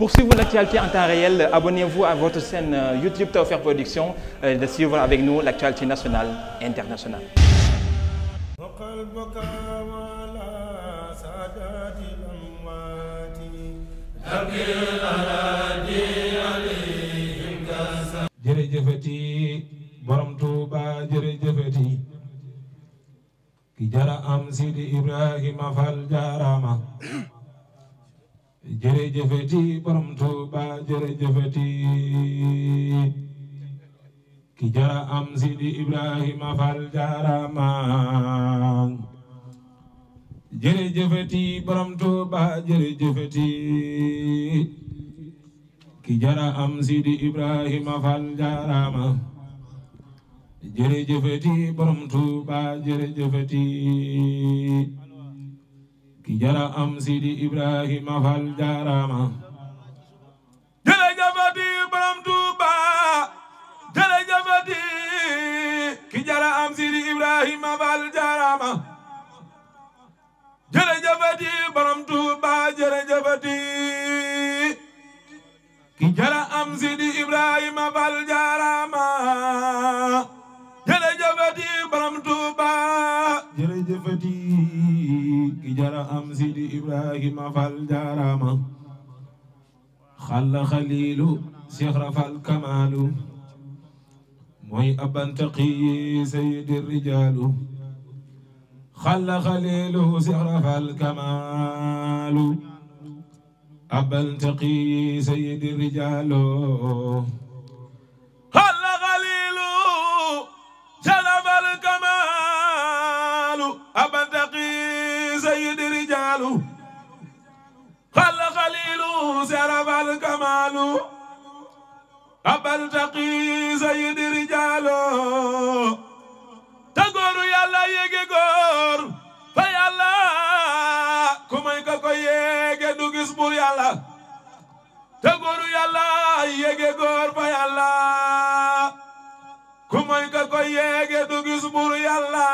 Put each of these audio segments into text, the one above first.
Pour suivre l'actualité en temps réel, abonnez-vous à votre chaîne euh, YouTube Tawfekh Production euh, et de suivre avec nous l'actualité nationale et internationale. jërëjëfati borom Tuuba jërëjëfati ki jara am Sidi Ibrahima Fall jaaraama jërëjëfeti borom Tuuba jërëjëfeti ki jara am Sidi Ibrahima Fall jarama jërëjëfeti borom Tuuba jërëjëfeti ki jara ki jara am sidi ibrahima fal jarama jere jafati borom tuba jere jafati ki jara am sidi ibrahima fal jarama jere jafati borom tuba jere jafati ki jara am sidi ibrahima fal jarama xadima fal jaarama xalla xaliilu sixra fal kamaalu mooy abantaqiyi sayidi rijaalu xalla xaliilu sixra fal kamaalu abantaqiyi sayidi rijaalu xalla xaliilu sixra fal kamaalu سرب الكمال قبل تقي سيد رجال تغور يالا ييغي غور فيالا كوماي كاكو ييغي دو غيس بور يالا تغور يالا ييغي غور فيالا كوماي كاكو ييغي دو غيس بور يالا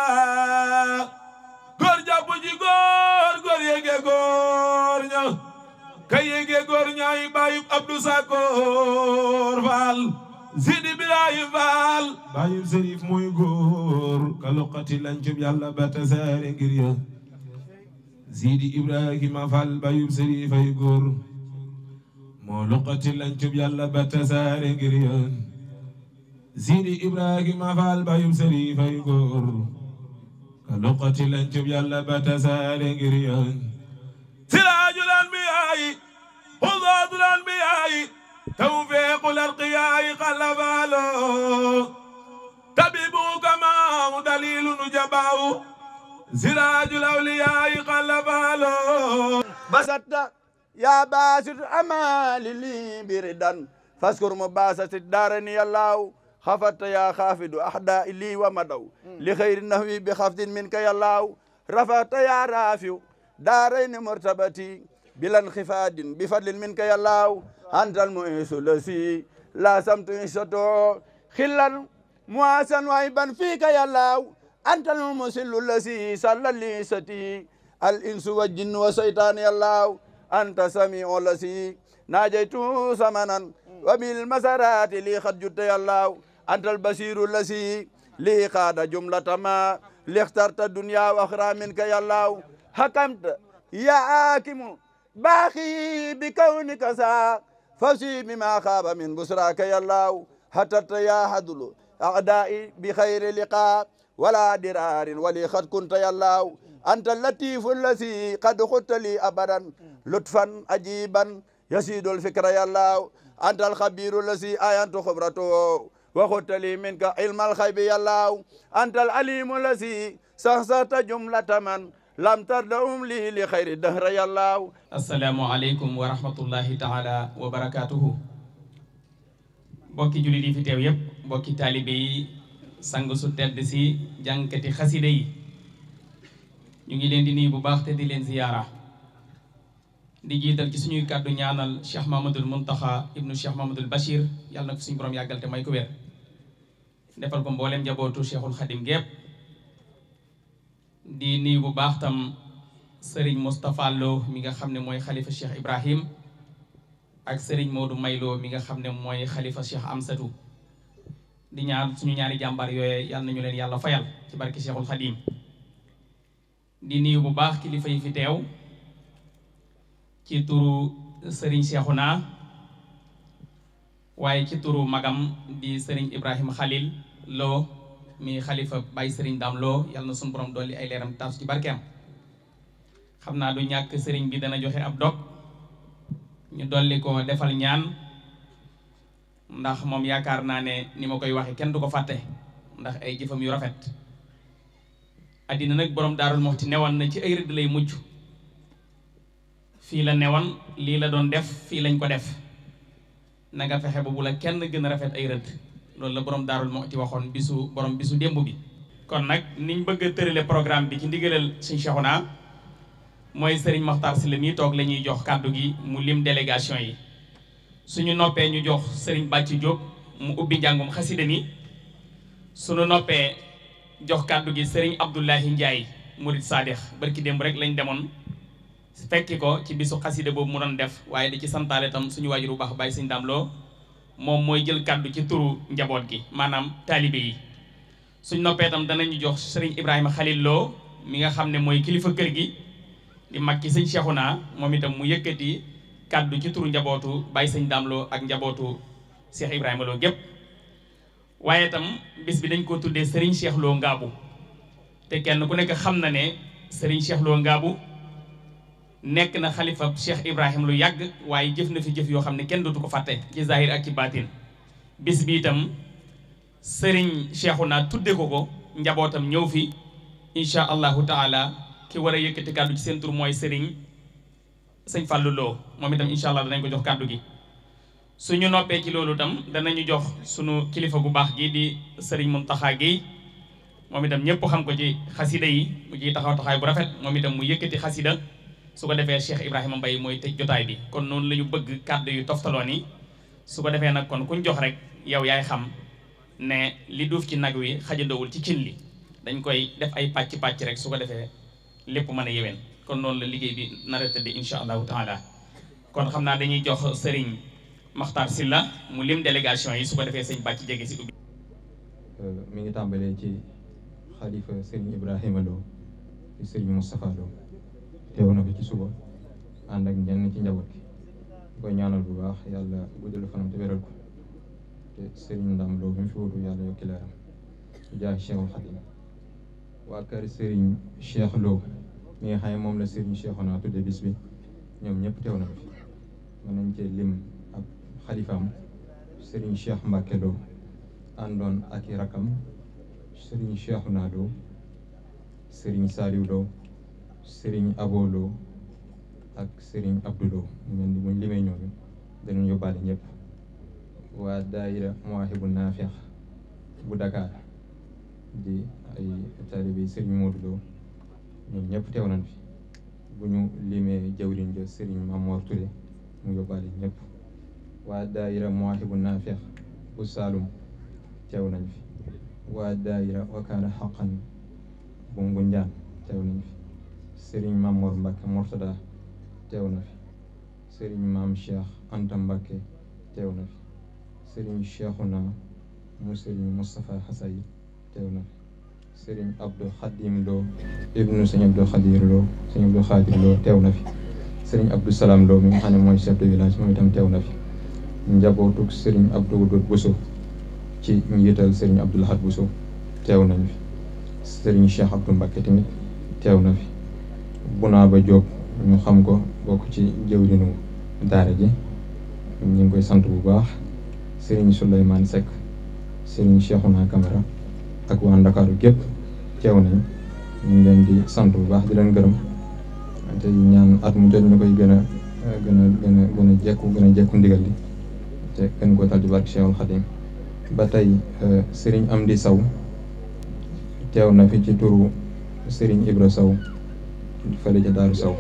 غور جابو جي غور غور ييغي غور نيا ka yéegee góor ñaay bàyyi Abdou Faal Sidi Birahim Faal bàyyi Serif muy góor ka loqati lancub yàlla ba tasaare ngir ya Sidi Ibrahima Faal bàyyi Serif ay góor ka loqati lancub yàlla ba tasaare ngir ya خلاط الأنبياء توفيق الأرقياء قلب له طبيبه كما دليل نجباه سراج الأولياء قلب له بسطت يا باسط أمالي لي بردا فاذكر مباسط الدارني الله خفت يا خافد أحداء لي ومدو لخير النهوي بخفض منك يا الله رفعت يا رافع دارين مرتبتي bilan xifaadin bi fadlin min ka yàllaaw antal mu insu la si laa samtu insoto xillan muasan waay ban fii ka yàllaaw antal mu musillu la si sallal li sati al insu wa jinn wa seytaan yàllaaw anta samiu la si naajaytu samanan wa bil masaraati lii xat jutta yàllaaw antal basiru la si lii xaada jumlatama lixtarta dunya wa axra min ka yàllaaw hakamta ya akimu باخي بكونك سا فشي بما خاب من بسراك يا الله حتى تياحد أعدائي بخير لقاء ولا درار ولي قد كنت يا الله أنت اللطيف الذي قد خدت لي أبدا لطفا عجيبا يسيد الفكر يا الله أنت الخبير الذي آينت خبرته وخدت لي منك علم الخيب يا الله أنت العليم الذي سهسرت جملة من lam tardahum lii li xayri dahra yàllaaw asalaamualeykum wa rahmatullahi taala wa barakaatuhu mbokki jullit yi fi teew yépp mbokki taalibe sang su tedd si jànkati xasida yi ñu ngi leen di nuyu bu baax te di leen ziyaara di jiital ci suñuy kàddu ñaanal Cheikh Mamadul Muntaxa ibnu Cheikh Mamadul Bachir yàlla na ko suñu borom yàggal may ko wér defal ko mboolem njabootu Cheikhul Xadim gépp di nuyu bu baax tam sëriñ Moustapha Lo mi nga xam ne mooy xalifa Cheikh Ibrahim ak sëriñ Modou Maylo mi nga xam ne mooy xalifa Cheikh Amsatu di ñaar suñu ñaari jàmbaar yooye yal nañu leen yàlla fayal ci barki Cheikhul Khadim di nuyu bu baax kilifa yi fi teew ci turu sëriñ naa waaye ci turu magam di sëriñ Ibrahim xalil Lo mi xalifa Baye sëriñ Dame loo yàlla na suñu borom dolli ay leeram taas ci barkeem xam naa lu ñàkk sëriñ bi dana joxe ab dog ñu dolli ko defal ñaan ndax moom yaakaar naa ne ni ma koy waxee kenn du ko fàtte ndax ay jëfam yu rafet addina nag borom daarul moxti newoon na ci ay lay mujj fii la newoon lii la doon def fii lañ ko def na fexe ba bu la kenn gën a rafet ay rëdd loolu la boroom daarul moo ci waxoon bisu borom bisu démb bi kon nag niñ bëgg a tërale programme bi ci ndigalal suñ naa mooy Serigne Makhtar la mii toog la ñuy jox kàddu gi mu lim délégation yi suñu noppee ñu jox Serigne Bàcci Diop mu ubbi njàngum xasida mi suñu noppee jox kàddu gi Serigne Abdoulahi Ndiaye murid saadix barki démb rek lañ demoon fekki ko ci bisu xasida boobu mu doon def waaye di ci santaale tam suñu waajur bu baax bàyyi suñ loo moom mooy jël kàddu ci turu njaboot gi maanaam taalibe yi suñ noppee tam danañu jox sëriñ Ibrahima Khalil Lo mi nga xam ne mooy kilifa kër gi di mag ki sëñ naa moom itam mu yëkkati kàddu ci turu njabootu bàyyi sëñ Dame ak njabootu Cheikh Ibrahima gépp waaye itam bis bi dañ ko tuddee sëriñ Cheikh Lo Ngaabu te kenn ku nekk xam na ne sëriñ Cheikh Lo Ngaabu nekk na xalifa Cheikh Ibrahim lu yàgg waaye jëf na fi jëf yoo xam ne kenn dootu ko fàtte ci zahir ak ci baatin bis bi itam sëriñ naa tudde ko ko njabootam ñëw fi incha allahu taala ki war a yëkkati kàddu ci seen tur mooy sëriñ sëñ Fallou Lo moom itam incha allah danañ ko jox kàddu gi suñu noppee ci loolu itam danañu jox sunu kilifa gu baax gii di sëriñ Muntaxa gi moom itam ñëpp xam ko ci xasida yi mu ciy taxaw taxaay bu rafet moom itam mu yëkkati xasida su ko defee Cheikh Ibrahima mbay mooy tëj jotaay bi kon noonu lañu bëgg kàddu yu toftaloo ni su ko defee nag kon kuñ jox rek yow yaay xam ne li duuf ci nag wi xajandoowul ci cin li dañ koy def ay pàcc pàcc rek su ko defee lépp mën a yeween kon noonu la liggéey bi nar a tëdd incha allahu taala kon xam naa dañuy jox Serigne Makhtar Silla mu lim délégation yi su ko defee sëñ bàcc jege si ubbi. Euh, mi ngi tàmbalee ci xalifa Serigne Ibrahima Lo Serigne Moustapha teew na fi ci suba ànd ak ñenn ci njaboot gi koy ñaanal bu baax yàlla guddalu fanam te ko te sëriñ ndam loo bi mu fi wutu yàlla yokki leeram jaay Cheikhul waa kër sëriñ Cheikh Lo mi nga xam ne moom la sëriñ Cheikhouna naa bis bi ñoom ñëpp teew na fi mën nañ cee lim ab xalifaam sëriñ Cheikh Mbacke Lo àndoon ak i rakam sëriñ Cheikhouna Lo sëriñ Saliou Lo Serigne Abolo ak Serigne Abdoulo ñu mel ni buñ limee ñooñu dañu yóbbaale ñëpp waa daayira Mawahibou bu Dakar di ay taalibe Serigne Modou Lo ñoom ñëpp teew nañ fi bu ñu limee jawriñ ja Serigne Mamor Touré mu yóbbaale ñëpp waa daayira Mawahibou Nafih bu Saloum teew nañ fi waa daayira Wakana Haqqan bu Ngunjaan teew nañ fi sëriñ maam Mor Mbacke Mourtada teew na fi sëriñ mam Cheikh Anta Mbacke teew na fi sëriñ na mu sëriñ Moustapha Hassay teew na fi sëriñ Abdou Khadim Lo ibnu sëñ Abdou Khadir Lo sëñ Abdou Khadir Lo teew na fi sëriñ Abdou Salam Lo mi nga xam ne mooy village moom itam teew na fi njabootug sëriñ Abdou Wadoud Bousso ci njiital sëriñ Abdou Lahad Bousso teew nañu fi sëriñ Cheikh Abdou Mbacke tamit teew na fi Bunaaba joog ñu xam ko bokk ci jëwriñu daara ji ñu ngi koy sant bu baax sëriñ Souleymane Seck sëriñ Cheikhouna Camara ak waa Ndakaaru gépp teew nañ ñu ngi leen di sant bu baax di leen gërëm te at mu jot ñu koy gën a gën a gën a gën a jekku gën a jekku ndigal li te gën koo tal di barke Cheikhul Khadim ba tey euh, sëriñ Amdi Sow teew na fi ci turu sëriñ Ibra Sow fële ca daaru saw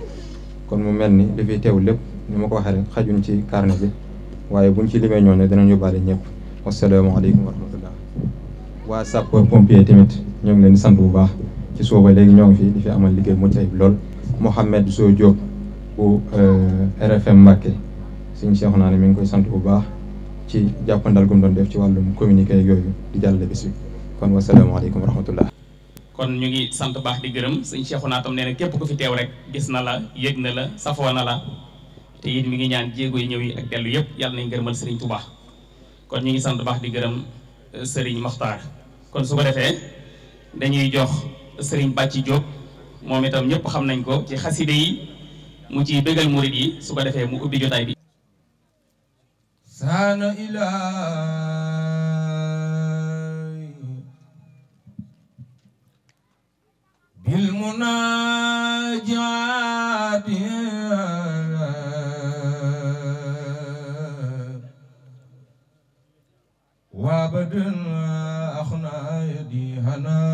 kon mu mel ni li fi teew lépp ni ma ko waxee rek xajuñ ci carnet ji waaye buñ ci limee ñooñu dinañ yóbbaale ñëpp wasalaamaaleykum wa rahmatullah waa sapeur pompier tamit ñoo ngi leen di sant bu baax ci suuba léegi ñoo ngi fi di fi amal liggéey mucc ayib lool Mouhamed Sow Diop bu euh, RFM Mbacke suñ seexu naa ne mi ngi koy sant bu baax ci jàppandal gu mu doon def ci wàllum communiqué yooyu di jàllale bis bi kon wasalaamaaleykum wa rahmatullah kon ñu ngi sant baax di gërëm sëñ Cheikhouna tam nee na képp ku fi teew rek gis na la yëg na la safoo na la te it mi ngi ñaan jéego yi ñëw yi ak dellu yëpp yàlla nañ gërëmal sëriñ Touba kon ñu ngi sant baax di gërëm euh, sëriñ Maxtaar kon su ko defee dañuy jox sëriñ Bàcci Diop moom itam ñëpp xam nañ ko ci xaside yi mu ciy bégal murit yi su ko defee mu ubbi jotaay bi بالمناجات وابد أخنا يدي هنا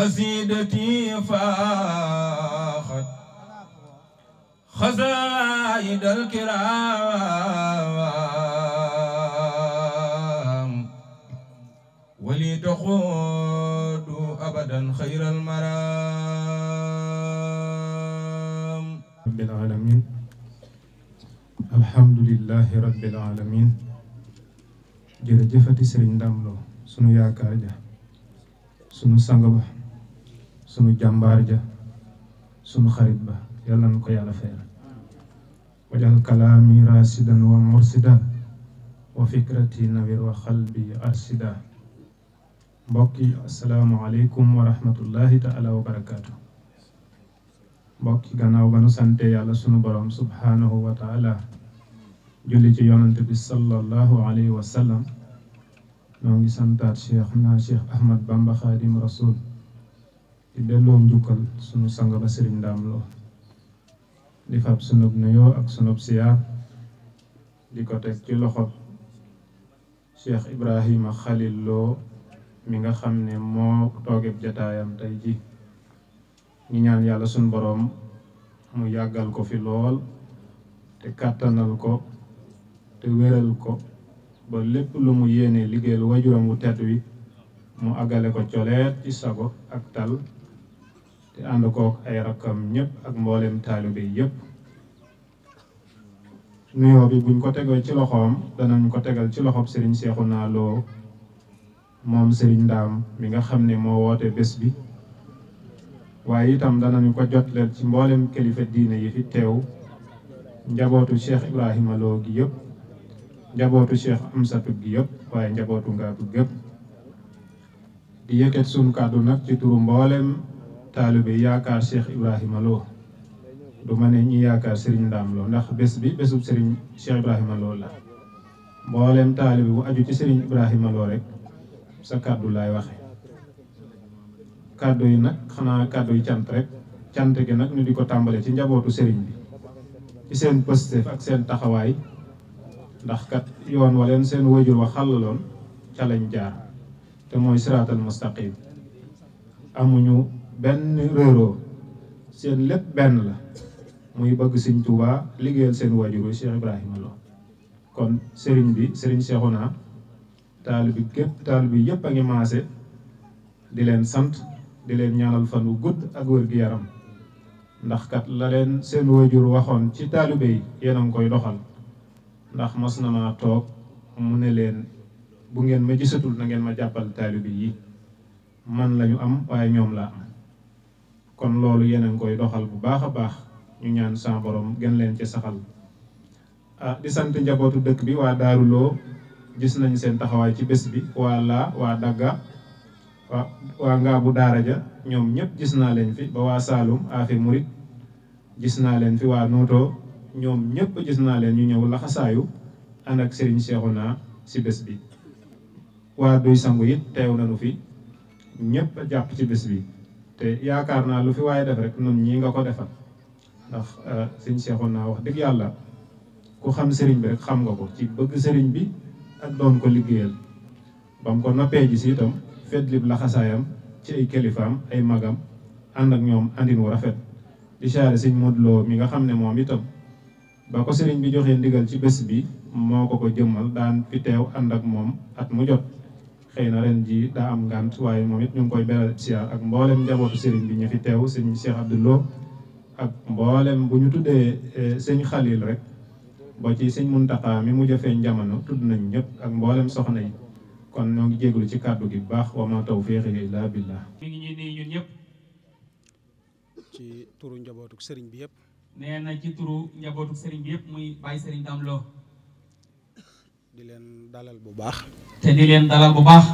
قصيدتي فاخت خزائد الكرام ولي تقود أبدا خير المرام رب العالمين الحمد لله رب العالمين جرجفتي سرين داملو سنو يا كارجا سنو سانغبا sunu jàmbaar ja sunu xarit ba yàlla ko yàlla fayal wajal kalaami rasidan wa mursida wa fikrati nawir wa xalbi arsida mbokk yi asalaamu aleykum wa rahmatullahi taala wa yi gannaaw ba nu sante yàlla sunu borom subhaanahu wa taala ci yonante bi sallallahu alayhi wa sallam noo ngi santaat cheikh na cheikh ahmad bamba xaadim rasul di delloo njukkal sunu sang ba sëriñ ndaam loo di fab sunub nuyoo ak sunub siyaar di ko teg ci loxob Cheikh Ibrahima Khalil loo mi nga xam ne moo toogeeb jataayam tey ji ñu ñaan yàlla sunu boroom mu yàggal ko fi lool te kàttanal ko te wéral ko ba lépp lu mu yéene liggéeyal wajuram wu tedd wi mu àggale ko coleet ci sago ak tal te ànd kook ay rakkam ñëpp ak mboolem taalibe yëpp nuyoo bi buñ ko tegoo ci loxoom danañ ko tegal ci loxob sëriñ Seexuna Lo moom sëriñ Ndaam mi nga xam ne moo woote bés bi waaye itam danañu ko jotleel ci mboolem kilifa diine yi fi teew njabootu Cheikh Ibrahima Lo gi yëpp njabootu Cheikh Amsatu gi yëpp waaye njabootu Ngaabu gépp di yëkkat suñu nag ci turu mboolem taalibe yaakaar Cheikh Ibrahima Lo du ma ne ñi yaakaar sëriñ Ndam Lo ndax bés bi bésub Serigne Cheikh Ibrahima Lo la mboolem taalibe bu aju ci Serigne Ibrahima Lo rek sa kàddu laay waxe kàddu yi nag xanaa kàddu yi cant rek cant gi nag ñu di ko tàmbalee ci njabootu sëriñ bi ci seen pëstef ak seen taxawaay ndax kat yoon wa leen seen wajur wa xàllaloon ca lañ jaar te mooy siraatal mustaqim amuñu benn réeroo seen lépp benn la muy bëgg sëñ Tuubaa liggéeyal seen waajuru Cheikh Ibrahima Lo kon sëriñ bi sëriñ Cheikhouna naa bi képp taal bi yëpp a ngi maase di leen sant di leen ñaaral fan wu gudd ak wér gi yaram ndax kat la leen seen waajur waxoon ci taalibe yi yéen a koy doxal ndax mos na maa toog mu ne leen bu ngeen ma gisatul na ngeen ma jàppal taalibe yi man lañu am waaye ñoom laa am kon loolu yéen a ngi koy doxal bu baax a baax ñu ñaan sa borom gën leen ci saxal ah di sant njabootu dëkk bi waa daaruloo gis nañ seen taxawaay ci bés bi waa laa waa dagga waa waa ngaabu daara ja ñoom ñëpp gis naa leen fi ba waa Saalum afe murit gis naa leen fi waa Noto ñoom ñëpp gis naa leen ñu ñëw laxasaayu ànd ak Serigne naa ci bés bi waa duy sangu it teew nañu fi ñëpp jàpp ci bés bi te yaakaar naa lu fi waaye def rek nun ñii nga ko defal ndax euh, sëñ seexoon naa wax dëgg yàlla ku xam sëriñ bi rek xam nga ko ci bëgg sëriñ bi ak doon ko liggéeyal ba mu ko noppee ji si itam fetlib laxasaayam ci ay kilifaam ay magam ànd ak ñoom àndin wu rafet di siyaare sëñ Modou Lo mi nga xam ne moom itam ba ko sëriñ bi joxee ndigal ci bés bi moo ko ko jëmmal daan fi ànd ak moom at mu jot xëy na ren ji daa am ngant waaye moom it ñu ngi koy beral siyaar ak mboolem njabootu sëriñ bi ñu fi teew sëñ Cheikh Abdoulou ak mboolem bu ñu tuddee eh, sëñ Khalil rek boo ci sëñ Muntaqa mi mu jëfeeñ jamono tudd nañ ñëpp ak mboolem soxna yi kon ñoo ngi jégalu ci kàddu gi bu baax wa ma tawfiiqi illaa billah mi ngi ñuy nii ñun njabootu sëriñ bi yëpp. nee na ci yëpp muy bàyyi sëriñ Damlo. di leen dalal bu baax. te di leen dalal bu baax.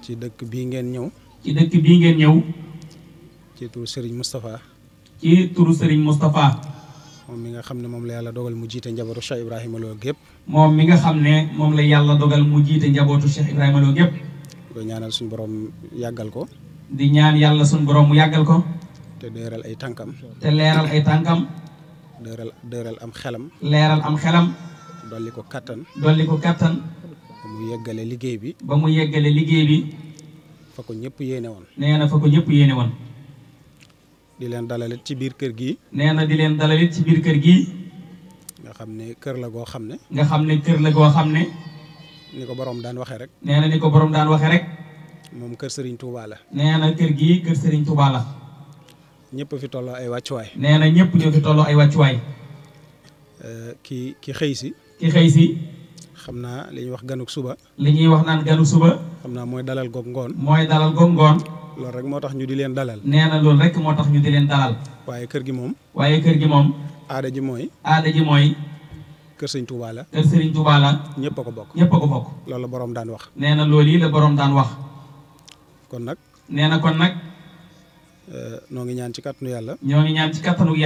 ci dëkk bii ngeen ñëw. ci dëkk bii ngeen ñëw. ci turu Serigne Moustapha. ci turu Serigne Moustapha. moom mi nga xam ne moom la yàlla dogal mu jiite njabootu Cheikh Ibrahima loo gépp. moom mi nga xam ne moom la yàlla dogal mu jiite njabootu Cheikh Ibrahima Lo gépp. di ñaanal suñu borom yàggal ko. di ñaan yàlla suñu borom mu yàggal ko. te dëral ay tànkam. te leeral ay tànkam. dëral am xelam. leeral am xelam. dolli ko kattan. dolli ko kattan. ba mu yeggale liggéey bi. ba mu yeggale liggéey bi. fa ko ñëpp yéene woon. nee na fa ko ñëpp yéene woon. di leen dalalit ci biir kër gi. nee na di leen dalalit biir kër gi. nga xam ne kër la goo xam ne. nga xam ne kër la goo xam ne. ni ko borom daan waxee rek. nee na ni ko boroom daan waxee rek. moom kër sëriñ tuubaala la. nee na kër gii kër Serigne Touba la. ñëpp fi tolloo ay wàccuwaay. nee na ñëpp ñoo fi tolloo ay wàccuwaay. Eh, ki ki xëy si. ki xëy si xam naa li ñuy wax ganuk suba li ñuy wax naan ganuk suba xam naa mooy dalal goog ngoon mooy dalal goog ngoon loolu rek moo tax ñu di leen dalal nee na loolu rek moo tax ñu di leen dalal waaye kër gi moom waaye kër gi moom aada ji mooy aada ji mooy kër sëriñ Touba la kër sëriñ Touba la ñëpp a ko bokk ñëpp a ko bokk loolu la boroom daan wax nee na loolu yi la boroom daan wax kon nag nee na kon nag eh, noo ngi ñaan ci kàttanu yàlla ñoo ngi ñaan ci kàttanu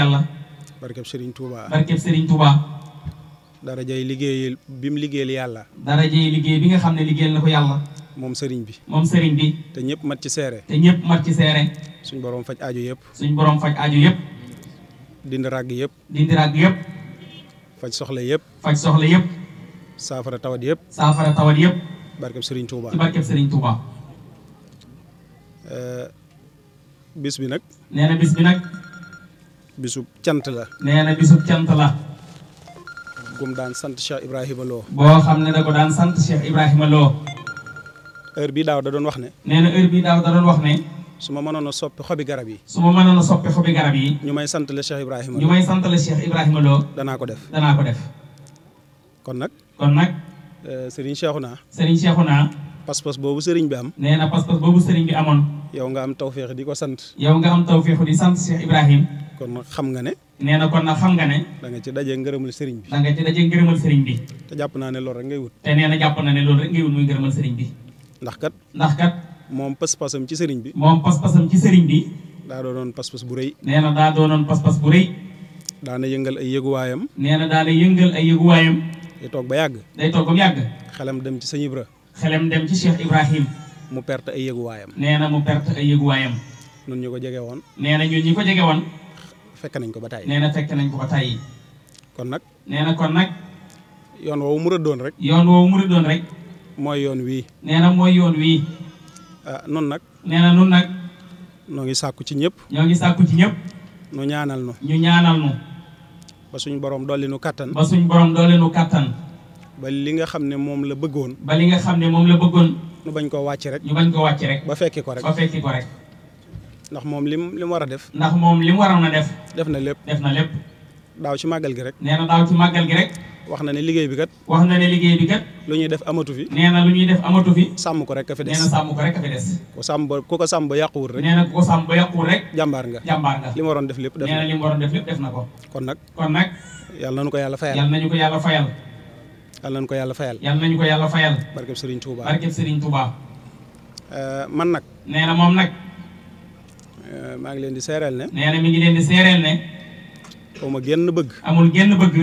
darajay liggéeyal bi mu liggéeyal yàlla. darajay liggéey bi nga xam ne liggéeyal na ko yàlla. moom sëriñ bi. moom sëriñ bi. te ñëpp mat ci seere. te ñëpp mat ci seere. suñ boroom faj ajo yëpp. suñ borom faj ajo yëpp. dindi ràgg yëpp. dindi ràgg yëpp. faj soxla yëpp. faj soxla yëpp. saafara tawat yëpp. saafara tawat yëpp. barkeb sëriñ Touba eh, bis bi nag. nee na bis bi nag. bisub cant la. nee bisub cant la. gum daan sant Cheikh Ibrahima Lo. boo xam ne da ko daan sant Cheikh Ibrahima Lo. heure bii daaw da doon wax ne. nee na heure daaw da doon wax ne. su ma mënoon a soppi xobi garab yi. su ma mënoon soppi xobi garab yi. ñu may sant la Cheikh Ibrahima Lo ñu danaa ko def danaa ko def. kon nag. kon nag. Euh, Serigne Cheikhouna. Serigne Cheikhouna. pas-pas boobu sëriñ bi am. nee na pas-pas boobu sëriñ bi amoon. yow nga am tawféex di ko sant. yow nga am tawféex di sant Cheikh Ibrahim. kon xam nga ne. nee na kon nag xam nga ne. da nga ci dajee ngërëmal sëriñ bi. da nga te jàpp naa ne loolu rek ngay wut. te nee na jàpp naa ne loolu rek ngay wut muy ngërëmal sëriñ bi. ndax kat. ndax kat. moom pas-pasam ci sëriñ bi. moom pas-pasam ci sëriñ bi. daa doonoon pas-pas bu rëy. nee na daa doonoon pas-pas bu rëy. daana yëngal ay yëguwaayam. nee na daana yëngal ay yëguwaayam. day ba yàgg. day toog ba yàgg. xelam dem ci sëñ Ibra. xelem dem ci Cheikh Ibrahim mu perte ay yëguwaayam nee na mu perte ay yëguwaayam ñun ñu ko jege woon nee na ñun ñi ko jege woon fekk nañ ko ba tàyyi nee na fekk nañ ko ba kon nag nee na kon nag yoon woowu mu doon rek yoon woowu mu rëddoon rek mooy yoon wii nee na mooy yoon wii ah nun nag nee na nun nag noo ngi sàkku ci ñëpp ñoo ngi sàkku ci ñëpp nu ñaanal nu ñu ñaanal nu ba suñ borom dolli nu kattan ba suñ borom dolli nu kattan ba li nga xam ne moom la bëggoon. ba li nga xam moom bañ koo wàcc rek. bañ koo wàcc ba fekki ko rek ba fekki ko rek. ndax moom lim lim war a def. ndax moom lim waroon a def. na lépp def na lépp. daaw ci màggal gi rek. nee na daaw gi rek. wax na ne liggéey bi kat. wax na ne liggéey ñuy def amatu fi. nee sàmm ko rek ka ko rek ka fi des. ku rek. nee na jàmbaar nga jàmbaar li mu waroon def lépp def na na lépp def na ko. kon nag kon nag. yàlla nañu ko yàlla fayal yàlla nañu ko yàlla fayal. yàlla nañu ko yàlla fayal. yàlla nañu ko yàlla fayal. barkeb Serigne Touba barkeb Serigne Touba. Eh, man nag. nee na moom nag. Eh, maa ngi leen di seereel ne. nee mi ngi leen di seereel ne. xaw ma génn bëgg. amul genn bëgg.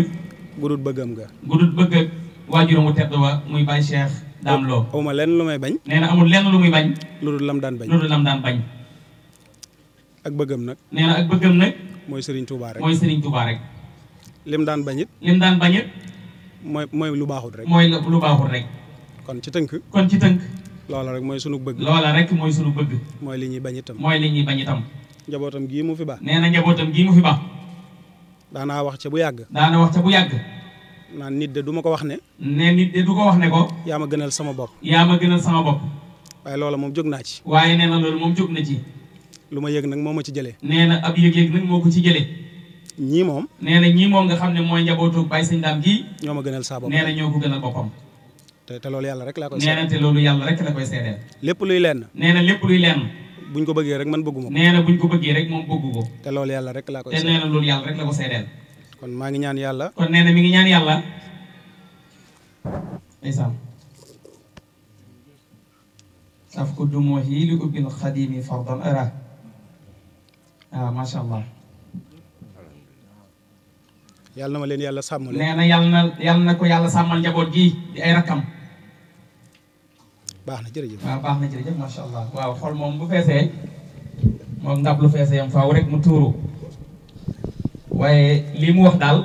gudut bëggam ga. gudut bëgg waajur mu tedd wa muy Baye Cheikh Dame Lo. xaw ma lenn lu may bañ. nee na amul lenn lu muy bañ. lu dul lam daan bañ lu dul lam daan bañ. ak bëggam nag. nee ak bëggam nag. mooy Serigne Touba rek mooy Serigne Touba rek. lim daan bañit lim daan bañit mooy mooy lu baaxul rek. mooy lu baaxul rek. kon ci tënk. kon ci tënk. loola rek mooy sunu bëgg. loola rek mooy sunu bëgg. mooy li ñuy bañ itam. mooy li ñuy bañ itam. njabootam gii mu fi baax. nee na njabootam gii mu fi baax. daanaa wax ca bu yàgg. daana wax ca yàgg. naan nit de du ma ko wax ne. ne nit de du ko wax ne ko. yaa ma gënal sama bopp. yaa ma gënal sama bopp. waaye loola moom jóg naa ci. waaye nee na loolu moom jóg na ci. lu ma yëg nag moo ma ci jëlee. nee na ab yëg-yëg nag moo ko ci jëlee. ñii moom nee na ñii moom nga xam ne mooy njabootu Baye Sëñ Daam ñoo ma gënal saa bopp nee na ñoo ko gënal boppam te te loolu yàlla rek laa koy nee na te loolu yàlla rek la koy seedeel lépp luy lenn nee na lépp luy lenn buñ ko bëggee rek man bëggu ma nee buñ ko bëggee rek moom bëggu ko te loolu yàlla rek laa koy te nee loolu yàlla rek la ko seedeel kon maa ngi ñaan yàlla kon nee mi ngi ñaan yàlla ndeysaan saf ko dumoo yi li ubbil xadimi fardan ara waaw macha allah yàlla na ma leen yàlla sàmmal. nee yàlla na yàlla na ko yàlla sàmmal njaboot gi di ay rakkam. baax na jërëjëf waaw baax na jërëjëf macha allah waaw xol moom bu feesee moom ndab lu feesee yam faaw rek mu tuuru waaye lii mu wax daal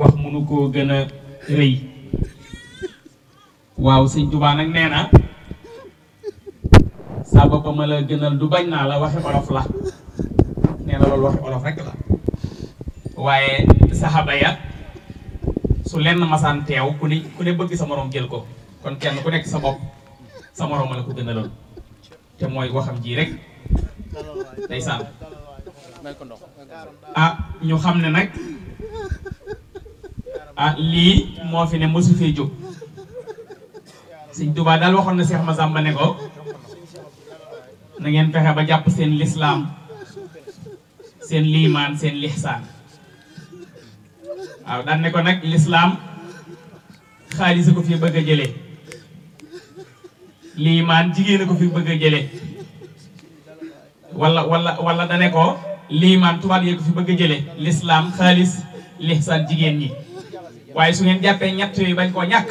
wax munu koo gën a rëy waaw sëñ Tuubaa nag nee na saa boppam a la gënal du bañ naa la waxe olof la nee loolu waxe olof rek la waaye saxaaba ya su lenn masaan teew ku ne ku ne bëgg sa moroom jël ko kon kenn ku nekk sa bopp sa moroom la ko gënaloon te mooy waxam ji rek ndeysaan ah ñu xam ne nag ah lii moo fi ne mosu fee jóg sëñ Tuubaa daal waxoon na Seex Masamba ne ko na ngeen fexe ba jàpp seen lislaam seen liimaan seen lixsaan waaw daan ne ko nag lislaam xaalis a ko fi bëgg a jëlee liimaan jigéen a ko fi bëgg a walla wala wala wala ne ko liimaan tubaab yee ko fi bëgg a jëlee lislaam xaalis lihsaan jigéen ñi waaye su ngeen jàppee ñett yooyu bañ koo ñàkk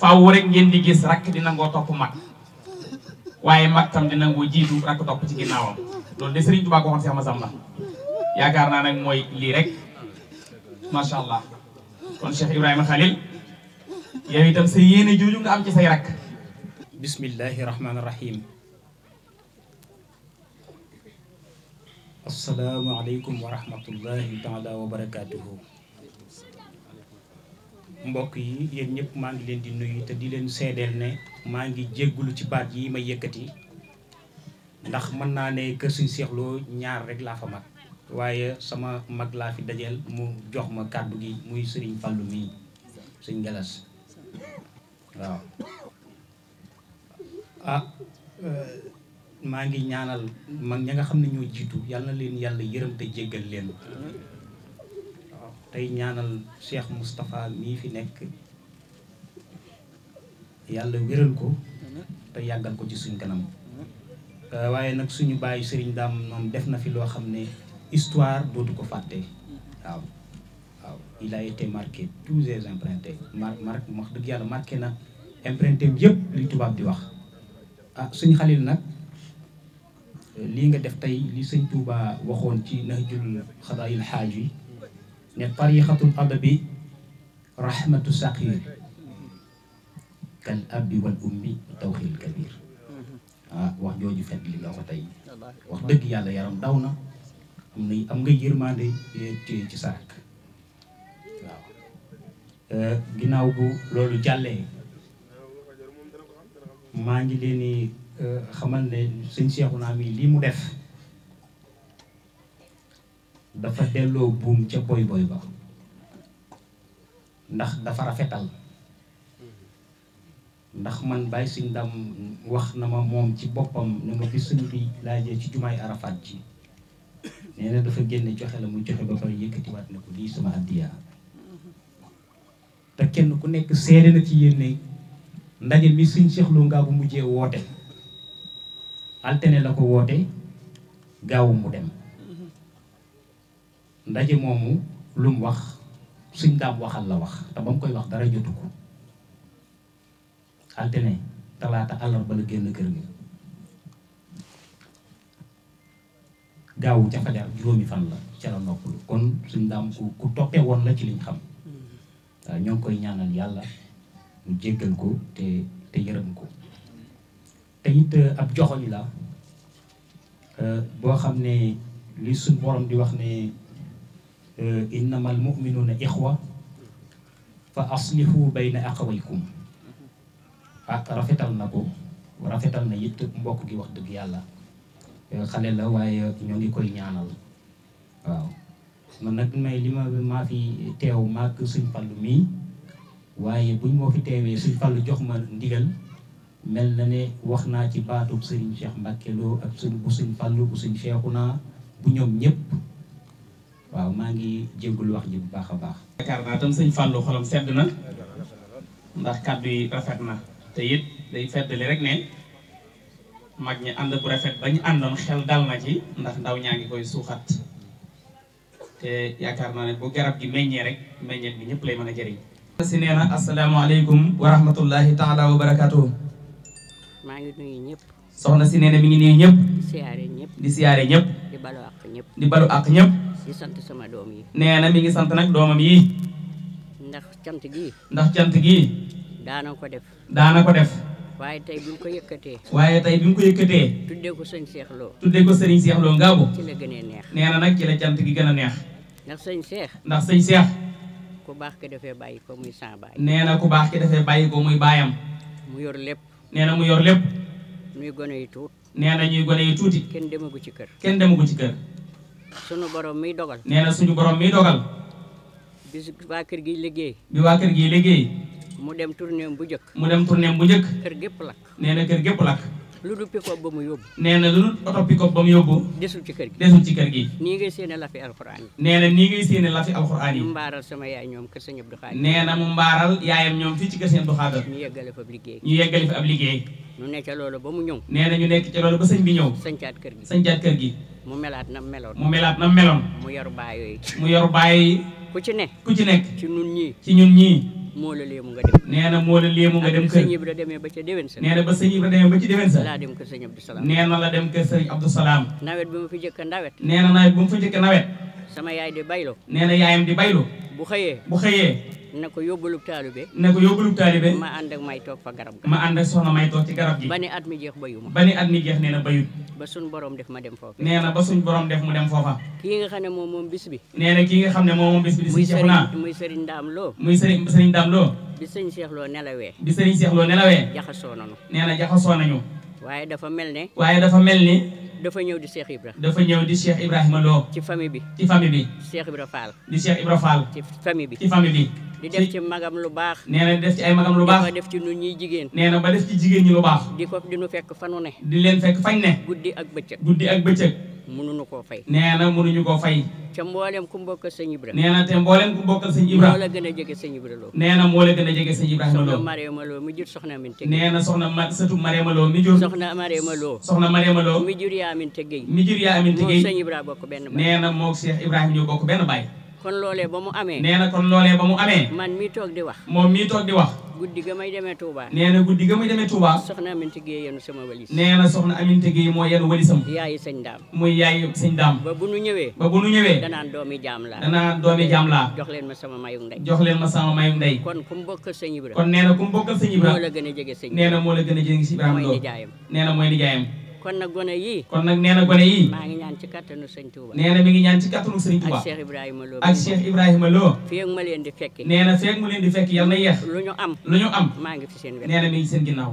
faw rek ngeen di gis rakk dina ngoo topp mag waaye mag tam dina ngoo jiitu rakk topp ci ginnaawam loolu de Serigne Touba ko waxoon Cheikh Massamba yaakaar naa nag mooy lii rek macha allah kon Cheikh Ibrahima Khalil yow itam sa yéene jooju nga am ci say rakk. bismillahi rahmaani rahim. mbokk yi yéen ñëpp maa ngi leen di nuyu te di leen seedeel ne maa ngi jéggulu ci baat yi ma yëkkati ndax mën naa ne kër suñu ñaar rek laa fa mag. waaye sama mag laa fi dajeel mu jox ma kàddu gi muy sëriñ Fallou mii sëñ Galas waaw ah euh, maa ngi ñaanal mag ña nga xam ne ñoo jiitu yàlla leen yàlla yërëm te jéggal leen tey ñaanal Cheikh Moustapha mii fi nekk yàlla wéral ko te yàggal ko ci suñ kanam euh, waaye nag suñu bàyyi sëriñ daam moom def na fi loo xam ne histoire dootu ko fàtte waaw waaw il a été marqué tous les empruntés mar mar wax dëgg yàlla marqué na emprunté yëpp li tubaab di wax ah suñ xalil nag lii nga def tey li sëñ Touba waxoon ci nahjul xadaayil xaaj yi ne tariqatul adabi rahmatu saqir kal abi wal ummi tawxil kabir mm-hmm. ah, wax jooju fet li nga ko tey wax dëgg yàlla yaram daw na am na am nga yërmande téye eh, ci saak waaw eh, ginnaaw bu loolu jàllee maa ngi leen di eh, xamal ne sëñ seexu naa mi lii mu def dafa delloo buum ca boy boy ba ndax dafa rafetal ndax man bàyyi suñ dam wax na ma moom ci boppam ne ma gis sëñ bi laajee ci jumaay arafat ji nee dafa génne joxe la mu joxe ba pare yëkkatiwaat na ko lii sama addiya te kenn ku nekk seede na ci yéen ndaje mi suñ Cheikh Lo Ngabou mujjee woote altine la ko woote gaawu mu dem ndaje moomu lu mu wax suñ daam waxal la wax te ba mu koy wax dara jotu ko altine talaata àllarba la génn kër gi gaawu ca fajar juróomi fan la ca la noppalu kon suñ daam ku toppee woon la ci liñ xam mm. waaw ñoo ngi koy ñaanal yàlla mu jéggal ko te te yërëm ko te it uh, ab joxoñ la uh, boo xam ne li suñ borom di wax ne uh, innamal mu'minuuna ixwa fa aslihu bayna aqawaykum ak ah, rafetal na ko rafetal na it mbokk gi wax dëgg yàlla xale la waaye ñoo ngi koy ñaanal waaw man nag may li ma maa fi teew maag suñ fàllu mii waaye buñ moo fi teewee suñ fàllu jox ma ndigal mel na ne wax naa ci baatub sëriñ Cheikh Mbacke Lo ak suñ bu suñ fàllu bu suñ bu ñoom ñëpp waaw maa ngi jéggul wax ji bu baax a baax yaakaar naa tam sëñ fàllu xolam sedd na ndax kàddu yi rafet na te it day feddali rek ne mag ñi ànd bu rafet ba ñu àndoon xel dal na ci ndax ndaw ñaa ngi koy suuxat te yaakaar naa ne bu garab gi meññee rek meññeet bi ñëpp lay mën a jëriñ. si nee na asalaamaaleykum wa rahmatullahi taala wa barakaatuhu. maa ngi nuyu ñëpp. soxna si nee mi ngi nuyu ñëpp. di siyaare ñëpp. di siyaare ñëpp. di balu àq ñëpp. di balu àq ñëpp. di sant sama doom yi. nee na mi ngi sant nag doomam yi. ndax cant gi ndax cant gi daana ko def. daana ko def. waaye tey bi mu ko yëkkatee. waaye tey bi mu ko yëkkatee. tuddee ko sëñ Cheikh Lo. tuddee ko sëriñ Cheikh Lo Ngabou. ci la gën na nag ci la cant gi gën a neex. ndax sëñ Cheikh. ndax sëñ seex ku baax ki dafay bàyyi ko muy sans bàyyi. nee na ku baax ki dafay bàyyi ko muy baayam. mu yor lépp. nee na mu yor lépp. ñuy gone yu tuut. nee ñuy gone yi tuuti. kenn demagu ci kër. kenn demagu ci kër. sunu borom miy dogal. nee suñu borom miy dogal. bi waa kër gi liggéey. bi waa kër gi liggéey. mu dem tournéem bu njëkk. mu dem tournéem bu kër gépp lakk. nee kër gépp lakk. lu dul pick ba mu yóbbu. nee na lu dul oto pick ba mu yóbbu. desul ci kër gi gi. nii ngay séenee lafi alxuraan yi. nee na nii ngay séenee lafi alxuraan yi. mu mbaaral sama yaay ñoom kër sëñ Abdou Xaadir. nee na mu mbaaral yaayam ñoom fii ci kër sëñ Abdou Xaadir. ñu yeggale fa ab liggéey. ñu yeggale fa ab liggéey. ñu nekk ca loolu ba mu ñëw. nee na ñu nekk ca loolu ba sëñ bi ñëw. sañcaat kër gi sañcaat kër gi. mu melaat na meloon. mu melaat na meloon. mu yor baayoo yi. mu ku ci nekk ku ci nekk ci ñun ñii ci ñun ñii moo la léemu nga dem nee na moo la léemu nga dem kër sëñ Ibra demee ba ca déwén sa nee na ba ba ci déwén sa laa dem kër sëñ Abdou la dem kër sëñ Abdou Salaam nawet bi ma fi jëkk nawet nee na nawet bi ma fa jëkk nawet sama yaay di baylo nee yaayam di baylo bu xëyee bu xëyee na ko yóbbulub taalibe na ko yóbbulub taalibe ma ànd ak may toog fa garab ga ma ànd ak soxna may toog ci garab gi ba ni at mi jeex bayu ma ba ni at mi jeex nee na ba suñ borom def ma dem foofa nee na ba suñ borom def mu dem foofa kii nga xam ne moom moom bis bi nee na kii nga xam ne moom moom bis bi di naa muy sëriñ Ndaam loo muy sëriñ sëriñ Ndaam loo bi sëriñ Cheikh Lo nelawee bi sëriñ Cheikh nelawee jaxasoo nañu nee na jaxasoo nañu dafa ñëw di Cheikh Ibra dafa ñëw di Cheikh Ibrahima ci famille bi ci famille bi Cheikh Ibra Fall di Cheikh Ibra Fall ci famille bi ci famille bi di def ci magam lu baax nee na def ci ay magam lu baax di def ci nun ñuy jigéen nee na ba def ci jigéen ñi lu baax di ko di nu fekk fanu ne di leen fekk fañ ne guddi ak bëccëg guddi ak bëccëg mënuñu koo fay nee na mënuñu koo fay te mboolem ku mbokk sëñ Ibra nee te mboolem ku mbokk sëñ Ibra moo la gën a jege sëñ Ibra Lo nee na a jege sëñ Ibra Lo soxna Mariama Lo jur soxna Aminte nee na soxna ma sëtu Mariama Lo mi jur soxna Mariama Lo soxna Mariama Lo yaa Aminte Gueye mi jur yaa Aminte Gueye moom sëñ Ibra bokk benn baay nee na moog Cheikh bokk benn baay kon loolee ba mu amee. nee na kon loolee ba mu amee. man mii toog di wax. moom mii toog di wax. guddi ga may demee Touba. nee guddi ga may demee Touba. soxna ma sama ma sama mayu ndey. kon ku mu moo la gën a jege sëñ. nee na moo la gën a jege sëñ mooy nijaayam kon nag gone yii. kon nag gone yii. ci kattanu sëñ Touba. nee na mi ngi ñaan ci kattanu sëñ Touba. ak Cheikh Ibrahima Lo. ak Cheikh Ibrahima Lo. feeg ma leen di fekki. nee na feeg mu leen di fekki yàlla na yeex. lu ñu am lu ñu am. maa ngi fi seen ginnaaw nee na mi ngi seen ginnaaw.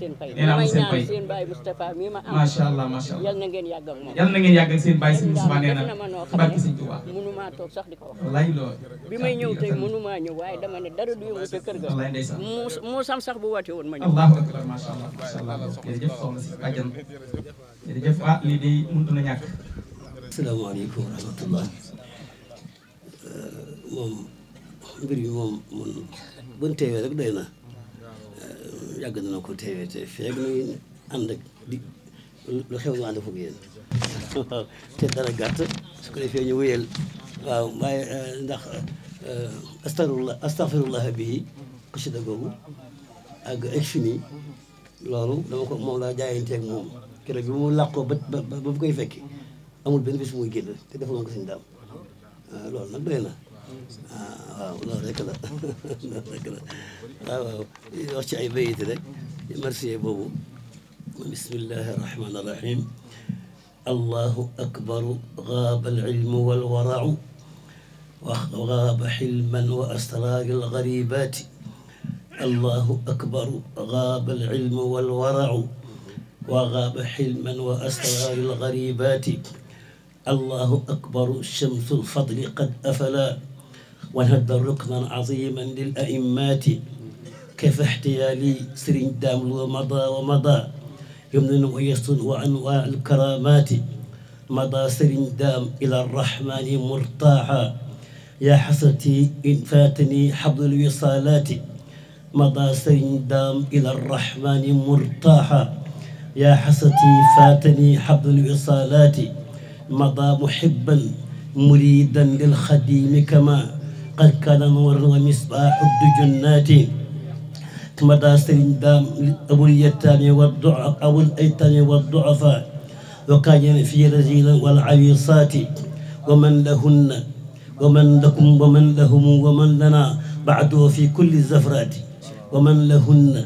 seen fay nee na amul seen fay seen baay Moustapha mii ma am macha allah macha allah yal na ngeen yàgg ak moom yal na ngeen yàgg ak seen baay sëñ Moustapha nee na barke sëñ Touba mënumaa toog sax di ko wax wallaay lool bi may ñëw tey mënumaa ñëw waaye dama ne dara du yëngu sa kër ga wallaay ndeysaan moo sam sax bu woote woon ma ñëw allahu akbar macha allah macha allah jërëjëf soxna si bàjjan jërëjëf ah lii day mëntu na ñàkk asalaamaaleykum wa rahmatullah euh, moom mbir yi moom mun bën teewee rek doy na yàgg na ko teewee te feeg nuy ànd ak lu xew nu ànd foog yéen te dara gàtt su ko defee ñu wéyal waaw waaye eh, ndax eh, astafirullah astafirullah bii xasida googu ak Ecfini loolu dama ko moom laa jaayanteeg moom keroog bi mu làqoo ba ba ba koy fekki amul benn su muy génn te defaloon ko suñu daam eh, loolu nag doy na waaw loolu rek la loolu rek la waaw waaw wax ci ay bayit rek marsiye boobu bismillahi rahmani rahim allahu akbaru gaaba alilmu walwaraau وغاب حلما وأسرار الغريبات الله أكبر غاب العلم والورع وغاب حلما وأسرار الغريبات الله أكبر الشمس الفضل قد أفلا wahadda ruknan aziman lil a'immati kayfa ihtiyali sëriñ daam lu mada wa mada yumnun wa yasun wa anwa alkaramati mada sëriñ daam ila arrahmani murtaha ya hasrati in fatani hablul wisalati mada sëriñ daam ila arrahmani murtaha يا حسرتي فاتني حبل الوصالات مضى محبا مريدا للخديم كما qad kaana nuuran wa misbaahu dujunnati mata sëriñ daam abul yettaami wa abul aytaami wa duafa wa kaajana fi rajilan wal awisaati wa man lahunna wa man lakum wa man lahum wa man lana baadu fi kulli zafraati wa man lahunna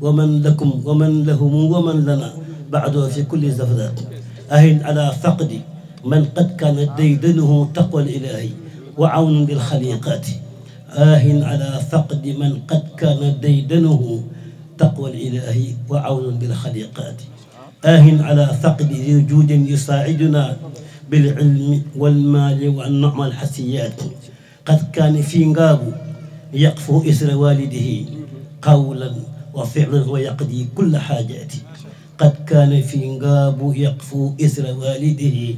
wa man lakum wa man lahum wa man lana baadu fi kulli zafraati ahin ala faqdi man qad kaana daydanuhu taqwa ilahi wa awn bil xaliqaati aahin ala faqdi man qad kaana daydanahu taqwa ilaahi wa awn bil xaliqaati aahin ala faqdi zi juudin yusaaciduna bil ilmi wal maali wan nicma al xasiyaat qad kaana fii ngaabu yaqfu isra waalidihi qawlan wa ficlan wa yaqdi kulla xaajaati qad kaana fii ngaabu yaqfu isra waalidihi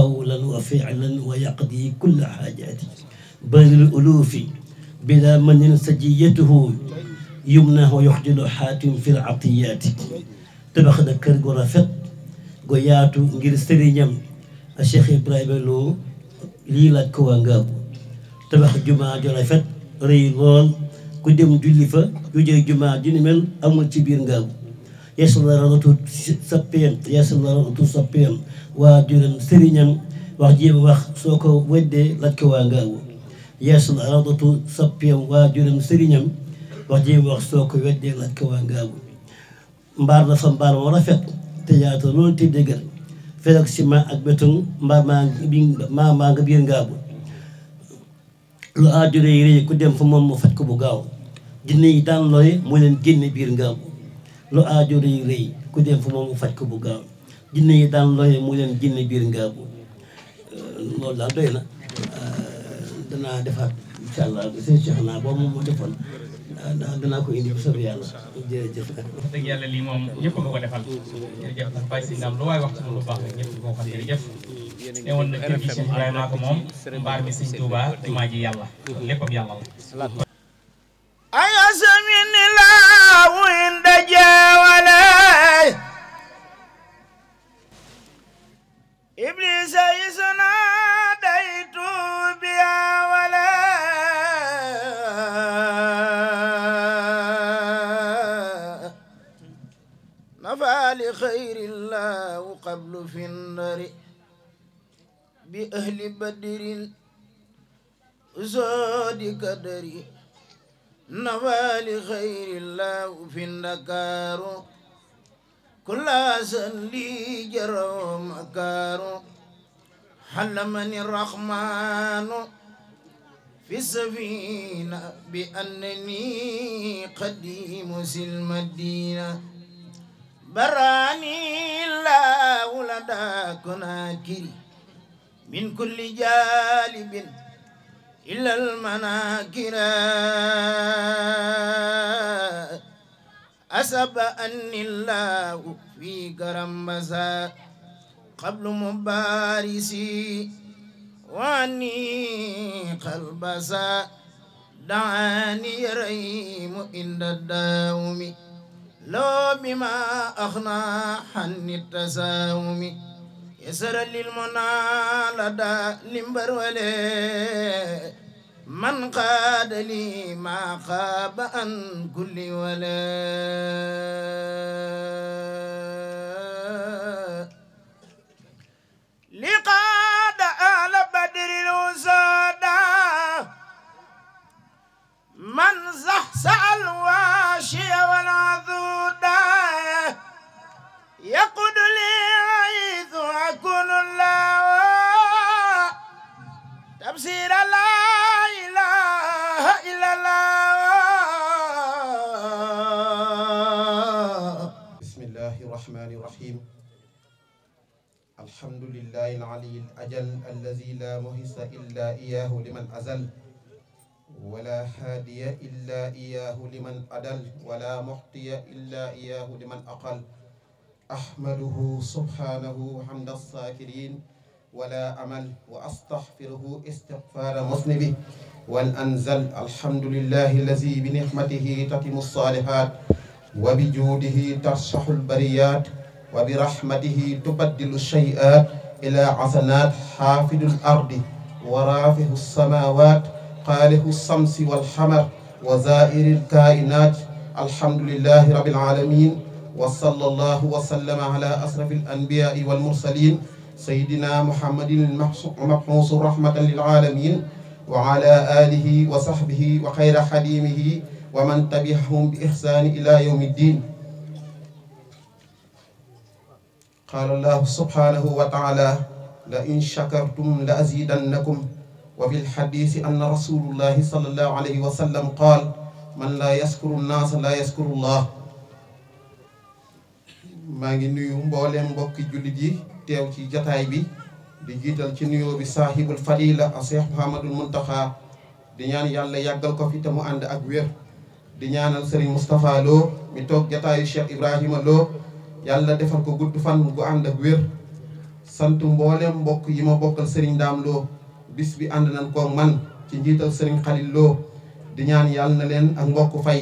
قولا وفعلا ويقضي كل حاجاته بين الألوف بلا من سجيته يمنه ويخجل حاتم في العطيات tabax na kër gu rafet gu yaatu ngir sëriñam Cheikh Ibrahima Lo lii laaj ko waa Ngaabu tabax jumaa ju rafet ku dem julli yu jëy jumaa ju amul ci biir Ngaabu yeesal la rawatu sa waa waajuram sëriñam wax jéem wax soo ko weddee laaj ko waa ngaawu yeesul aradatu sappiyam waajuram sëriñam wax jéem wax soo ko weddee laaj ko waa ngaawu mbaar dafa mbaar moo rafet te yaatu loolu te dëgër felag si ma ak béton mbaar maa maa nga biir ngaabu lu aajure yi gaaw jinne yi daan rëy ku dem fa moom mu faj ko bu gaaw jinne yi daan loye mu leen jinne biir ngaabu euh, loolu daa doy na euh, danaa defaat incha allah seen Cheikh naa boobu moom moo defoon danaa ko indi bu soobee yàlla jërëjëf. wax dëgg lii moom ñëpp ko defal jërëjëf ndax bàyyi si wax ci lu baax rek ñëpp nga ko xam jërëjëf. moom mbaar mi sëñ Touba jumaa yàlla léppam yàlla la. في النار بأهل بدر زاد قدري نوال خير الله في النكار كل سن لي جرى مكار حلمني الرحمن في السفينة بأنني قديم المدينة براني الله لدى كناكري من كل جالب إلا المناكرا أسب أن الله في كرمزا قبل مبارسي واني قلبسا دعاني ريم عند الداوم لو بما أغنى عن التساوم يسر للمنى لدى لمبر ولي من قاد لي ما خاب عن كل ولا لقاد أهل بدر الوسام من زحزح الواشي والعذوداية يقود لي حيث أكون الله تفسير لا إله إلا الله بسم الله الرحمن الرحيم الحمد لله العلي الأجل الذي لا مهس إلا إياه لمن أزل فلا هادي إلا إياه لمن أدل ولا معطي إلا إياه لمن أقل أحمده سبحانه حمد الساكرين ولا أمل وأستغفره استغفار مذنبه والأنزل الحمد لله الذي بنعمته تتم الصالحات وبجوده ترشح البريات وبرحمته تبدل الشيئات إلى حسنات حافظ الأرض ورافع السماوات xaaliqu samsi walxamar wa zaa'iri lkaainaat alhamdulilahi rabil aalamiin wa sallallahu wa sallama ala asrafi alanbiyaai walmursalin sayyidina muhammadin almabxuusu rahmatan lilaalamiin wa ala aalihi wa saxbihi wa xayra xadiimihi wa man tabi'ahum bi ixsaani ila yawmi ddiin. qaala allahu subhaanahu wa taala la in shakartum la azidannakum وفي الحديث أن رسول الله صلى الله عليه وسلم قال من لا يشكر maa ngi nuyu mbooleem mbokki jullit yi teew ci jataay bi di jiital ci nuyoo bi saahibul fadila a cheikh Mouhamadul Muntaxa di ñaan yàlla yàggal ko fi te mu ànd ak wér di ñaanal sëriñ Moustapha Lo mi toog jataayu cheikh Ibrahima Lo yàlla defal ko gudd fan gu ànd ak wér sant mbooleem mbokk yi ma bokkal sëriñ Daam Lo bis bi ànd nañ koog man ci njiital sëriñ Xalil loo di ñaan yàlla na leen ak mbokk fay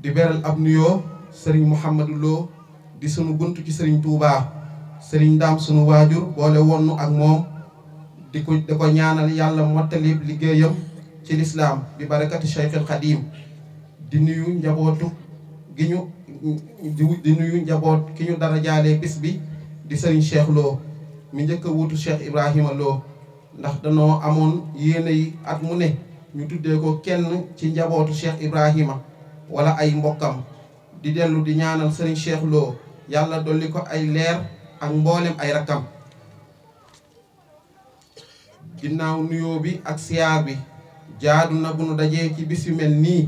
di beral ab nuyoo sëriñ Mouhamadou loo di sunu bunt ci sëriñ Touba sëriñ Daam suñu waajur boole wonnu ak moom di ko di ñaanal yàlla mottalib liggéeyam ci lislaam bi barakati Cheikhul Xadim di nuyu njabootu gi ñu di nuyu njaboot ki ñu dara jaalee bis bi di sëriñ Cheikh Lo mi njëkk a wuutu Cheikh Ibrahima Lo ndax danoo amoon yéene yi at mu ne ñu tuddee ko kenn ci njabootu Cheikh Ibrahima wala ay mbokkam di dellu di ñaanal Serigne Cheikh Lo yàlla li ko ay leer ak mboolem ay rakkam dinaaw nuyoo bi ak siyaar bi jaadu na bu nu dajee ci bis mel nii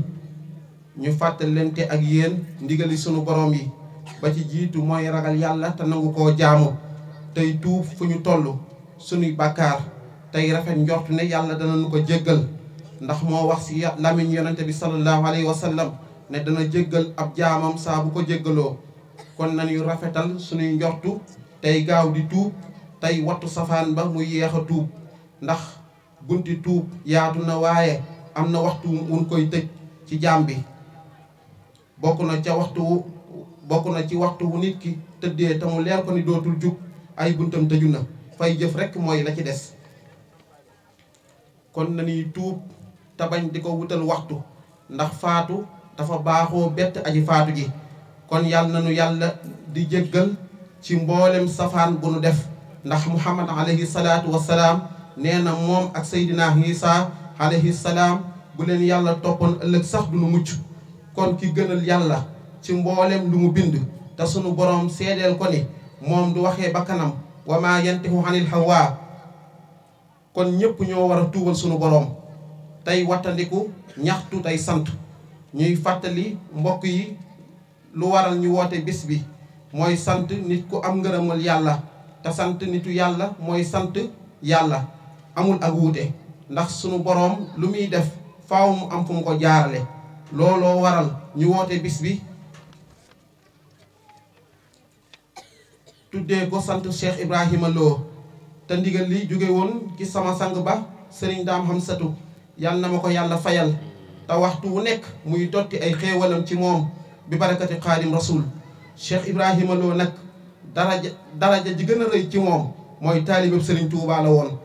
ñu fàttalante ak yéen ndigali sunu borom yi ba ci jiitu mooy ragal yàlla te nangu koo jaamu tey tuub fu ñu tollu sunuy bàkkaar tey rafet njort ne yàlla dana nu ko jéggal ndax moo wax si lamiñ yonente bi sallallahu alayhi wa sallam ne dana jéggal ab jaamam saa bu ko jéggaloo kon nañu rafetal suñuy njortu tey gaaw di tuub tey wattu safaan ba muy yeex a tuub ndax gunti tuub yaatu na waaye am na waxtu wun koy tëj ci jaam bi bokk na ca waxtu bokk na ci waxtu wu nit ki tëddee te mu leer ko ni dootul jug ay buntam tëju na fay jëf rekk mooy la ci des kon nañuy tuub tabañ di ko wutal waxtu ndax faatu dafa baaxoo bett aji faatu ji kon yàlla na nu yàlla di jéggal ci mboolem safaan bu nu def ndax muhammad alayhi salaatu wassalaam nee na moom ak seydinaa Isa alayhi salaam bu leen yàlla toppoon ëllëg sax du nu mucc kon ki gënal yàlla ci mboolem lu mu bind te sunu boroom seedeel ko ni moom du waxee bakkanam wa maa yantixu xanil hawa kon ñëpp ñoo war a tuubal sunu boroom tey wattandiku ñaxtu tey sant ñuy fàttali mbokk yi lu waral ñu woote bis bi mooy sant nit ku am ngërëmal yàlla te sant nitu yàlla mooy sant yàlla amul ak wuute ndax sunu boroom lu muy def faaw mu am fu mu ko jaarale looloo waral ñu woote bis bi tuddee ko sant Cheikh Ibrahima Lo te ndigal li jóge woon ci sama sang ba sëriñ daam Hamsatu yàlla na ma ko yàlla fayal te waxtu wu nekk muy dotti ay xéewalam ci moom bi barakati xaadim rasul Cheikh Ibrahima Lo nag daraja daraja ji gën a rëy ci moom mooy taalibeb sëriñ Touba la woon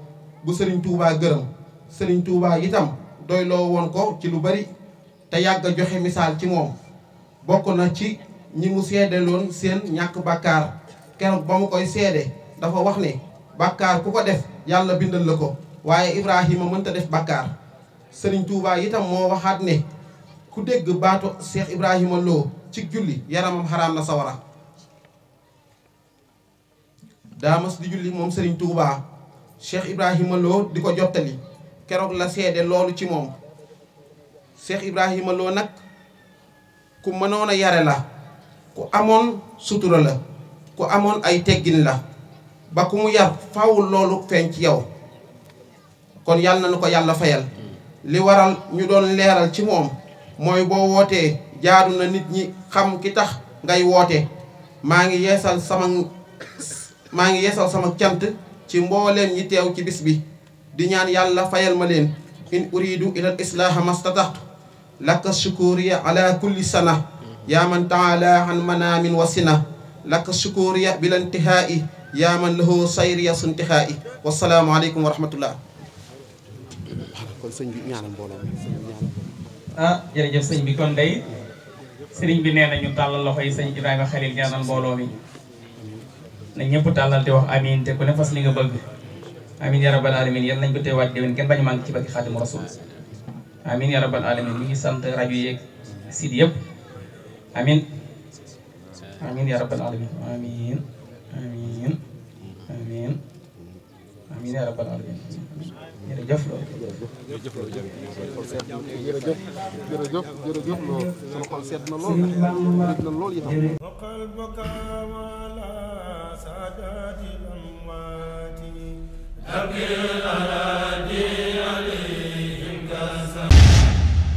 bu sëriñ tuubaa gërëm sëriñ tuubaa itam doy woon ko ci lu bari te yàgg a joxe misaal ci moom bokk na ci ñi mu seedeloon seen ñàkk bàkkaar keroog ba mu koy seede dafa wax ne bàkkaar ku ko def yàlla bindal la ko waaye Ibrahima mënta def bàkkaar sëriñ tuubaa itam moo waxaat ne ku dégg baatu Cheikh Ibrahima Lo ci julli yaramam xaraam na sawara daa mas di julli moom Serigne Touba Cheikh Ibrahima Lo di ko jottali keroog la seede loolu ci moom Cheikh Ibrahima Lo nag ku mënoon a yare la ku amoon sutura la ku amoon ay teggin la ba ku mu yar faw loolu feeñ ci yow kon yàlla na nu ko yàlla fayal li waral ñu doon leeral ci moom mooy boo wootee jaadu na nit ñi xam ki tax ngay woote maa ngi yeesal sama maa ngi yeesal sama cant ci mbooleem ñi teew ci bis bi di ñaan yàlla fayal ma leen in uridu ilal islaaha mastataxtu laka shukuriya ala kulli sana yaa man taala an manaamin wa laka shukuriya bila intihaa'i yaa man lahu sayriya su intihaa'i wassalaamu aleykum wa rahmatullah kon sëñ bi ñaanal mbooloo sëñ bi kon day sëriñ bi nee na ñu tàllal loxo yi sëñ Ibrahima Khalil ñaanal mbooloo mi na ñëpp tàllal te wax amiin te ku ne fas li nga bëgg amiin ya rabbal alamin yal nañ ko teewaat déwén kenn bañu manqué ci barki Xaadimu Rasul amiin ya rabbal alamin ñu ngi sant rajo yeeg site yëpp amiin amin ya rabbal alamin amin amin amin amin ya rabbal alamin jërëjëf loolu jërëjëf jërëjëf jërëjëf loolu sama xol seet na lool seet na lool itam وقلبك على سادات الأموات أبي الأراضي